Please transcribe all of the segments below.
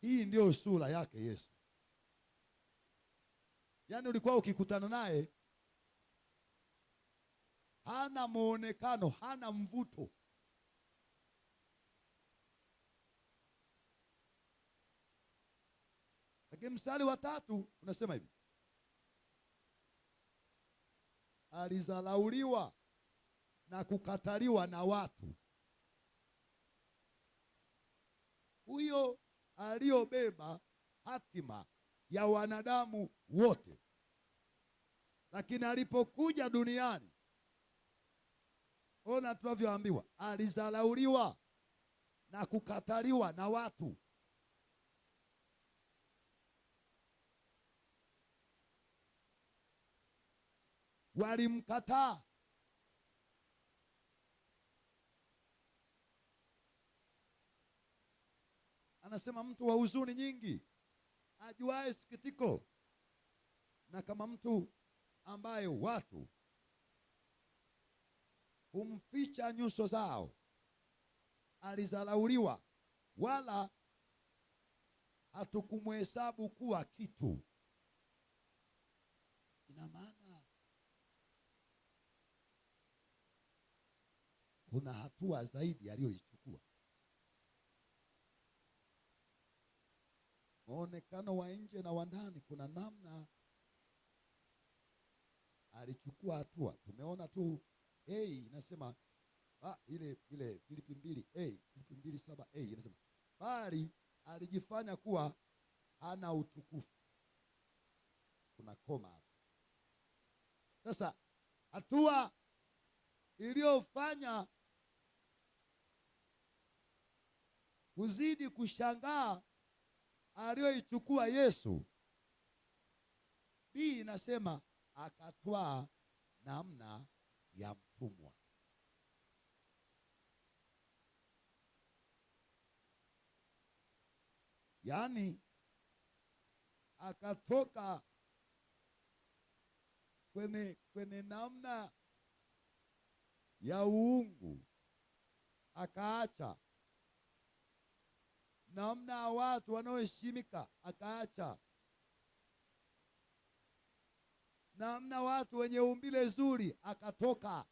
Hii ndio sura yake Yesu. Yaani ulikuwa ukikutana naye hana muonekano, hana mvuto. Lakini mstari wa tatu unasema hivi, alizalauliwa na kukataliwa na watu, huyo aliyobeba hatima ya wanadamu wote, lakini alipokuja duniani, ona tunavyoambiwa, alizalauliwa na kukataliwa na watu. Walimkataa Anasema mtu wa huzuni nyingi ajuae sikitiko, na kama mtu ambaye watu humficha nyuso zao, alizalauliwa, wala hatukumhesabu kuwa kitu. Ina maana kuna hatua zaidi aliyoi muonekano wa nje na wa ndani, kuna namna alichukua hatua. Tumeona tu hey, inasema ah, ile ile Filipi mbili hey, Filipi mbili saba hey, inasema bali alijifanya kuwa hana utukufu. Kuna koma hapo. Sasa hatua iliyofanya kuzidi kushangaa aliyoichukua Yesu. Bii inasema akatwaa namna ya mtumwa. Yaani akatoka kwenye kwenye namna ya uungu akaacha namna ya watu wanaoheshimika akaacha, namna watu wenye umbile zuri akatoka.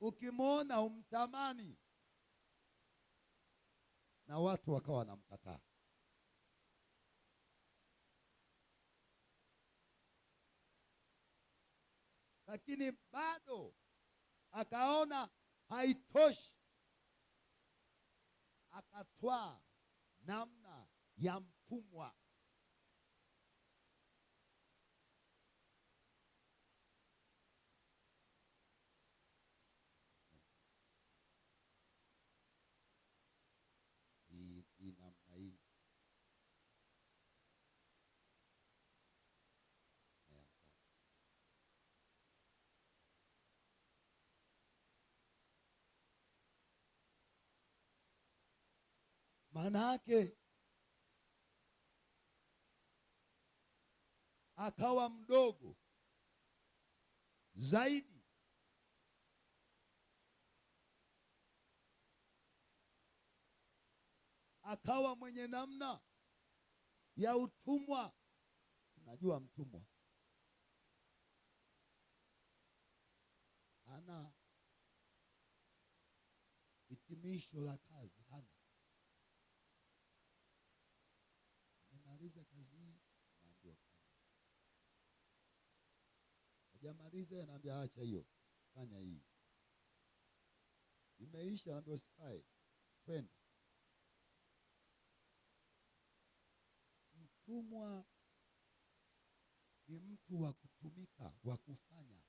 Ukimwona umtamani, na watu wakawa wanamkataa. Lakini bado akaona haitoshi akatwaa namna ya mtumwa Maana yake akawa mdogo zaidi akawa mwenye namna ya utumwa. Unajua mtumwa ana hitimisho la kazi hana hajamaliza kazi hii, anaambiwa fanya. Hajamaliza anaambia acha hiyo, fanya hii. Imeisha, anaambia usikae, kwenda. Mtumwa ni mtu wa kutumika, wa kufanya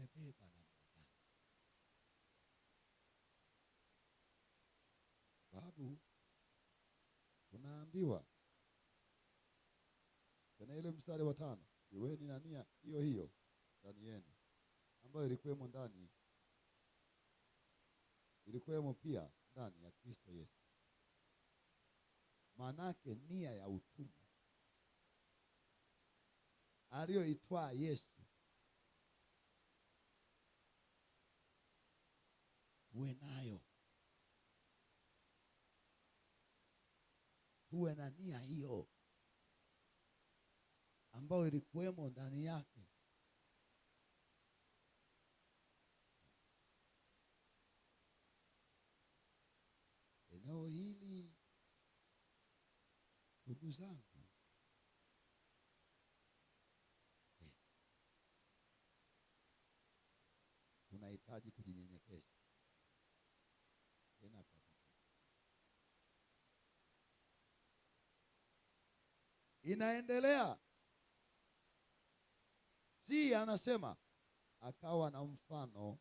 umebebwa na mwanadamu. Sababu tunaambiwa tena ile mstari wa tano, iweni na nia hiyo hiyo ndani yenu ambayo ilikuwemo ndani ilikuwemo pia ndani ya Kristo Yesu. Maanake nia ya utumwa aliyoitwaa Yesu uwe nayo, uwe na nia hiyo ambayo ilikuwemo ndani yake. Eneo hili ndugu zangu, eh, unahitaji kujinyenyekesha. inaendelea. Si anasema akawa na mfano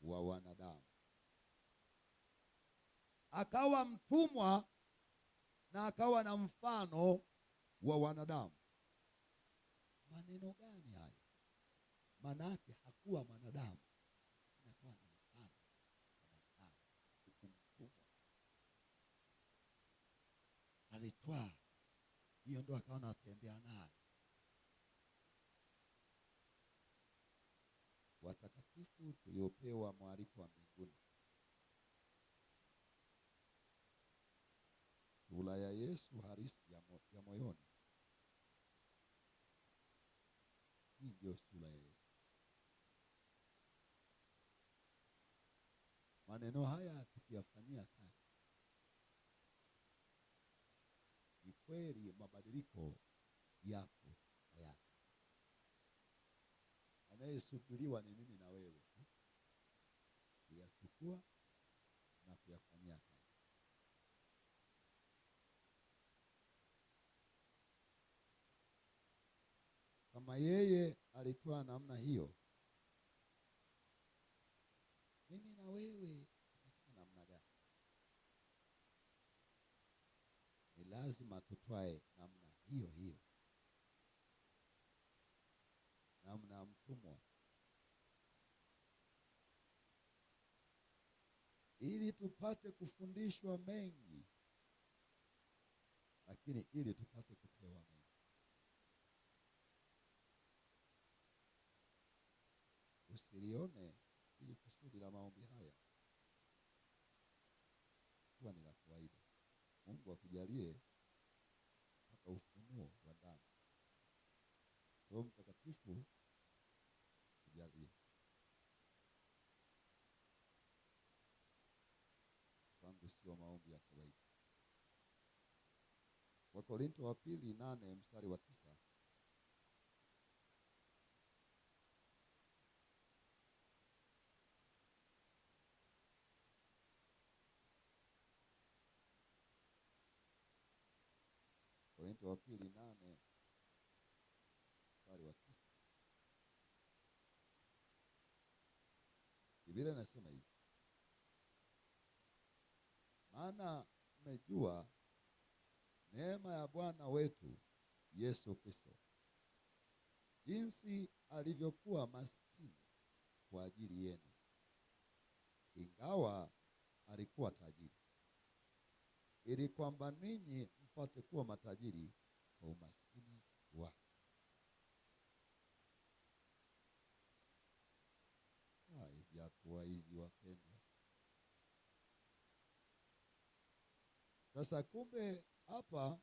wa wanadamu, akawa mtumwa na akawa na mfano wa wanadamu. Maneno gani hayo? Manake hakuwa mwanadamu anakuwa na mfano wa mtumwa alitwaa hiyo ndo akawa natembea nayo. Watakatifu tuliopewa mwaliko wa mbinguni, sura ya Yesu harisi ya, mo, ya moyoni. Hii ndio sura ya Yesu. Maneno haya tukiyafanyia kweli mabadiliko yako tayari. Anayesubiriwa ni mimi na wewe kuyachukua na kuyafanyia kazi. Kama yeye alitoa namna hiyo, mimi na wewe lazima tutwae namna hiyo hiyo, namna ya mtumwa, ili tupate kufundishwa mengi, lakini ili tupate kupewa mengi. Usilione ili kusudi la maombi haya kuwa ni la kawaida. Mungu akujalie Kifo tujalie kwangu sio maombi ya kawaida. Wakorinto wa pili nane mstari wa tisa Wakorinto wa pili nane Biblia inasema hivi, maana mmejua neema ya Bwana wetu Yesu Kristo, jinsi alivyokuwa maskini kwa ajili yenu, ingawa alikuwa tajiri, ili kwamba ninyi mpate kuwa matajiri kwa umaskini wake ya kuwaizi wapendwa. Sasa kumbe hapa,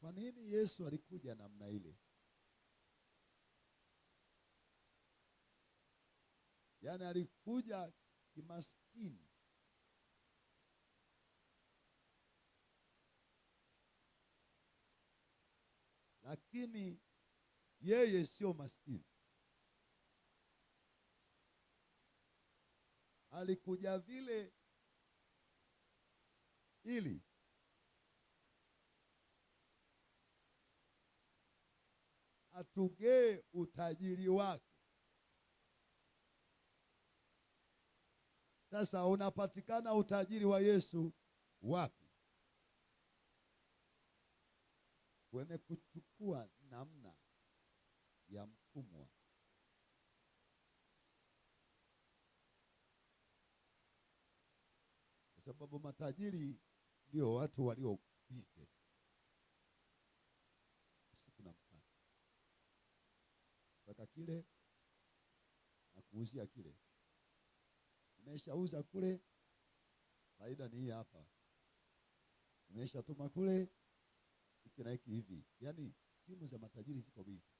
kwa nini Yesu alikuja namna ile? Yaani alikuja kimaskini lakini yeye sio maskini. alikuja vile ili atugee utajiri wake. Sasa unapatikana utajiri wa Yesu wapi? Kwenye kuchukua namna ya mtumwa. kwa sababu matajiri ndio watu walio bize usiku na mchana, taka kile na kuuzia kile, umeshauza kule, faida ni hii hapa, umeshatuma kule, hiki na hiki hivi. Yani simu za matajiri ziko bize.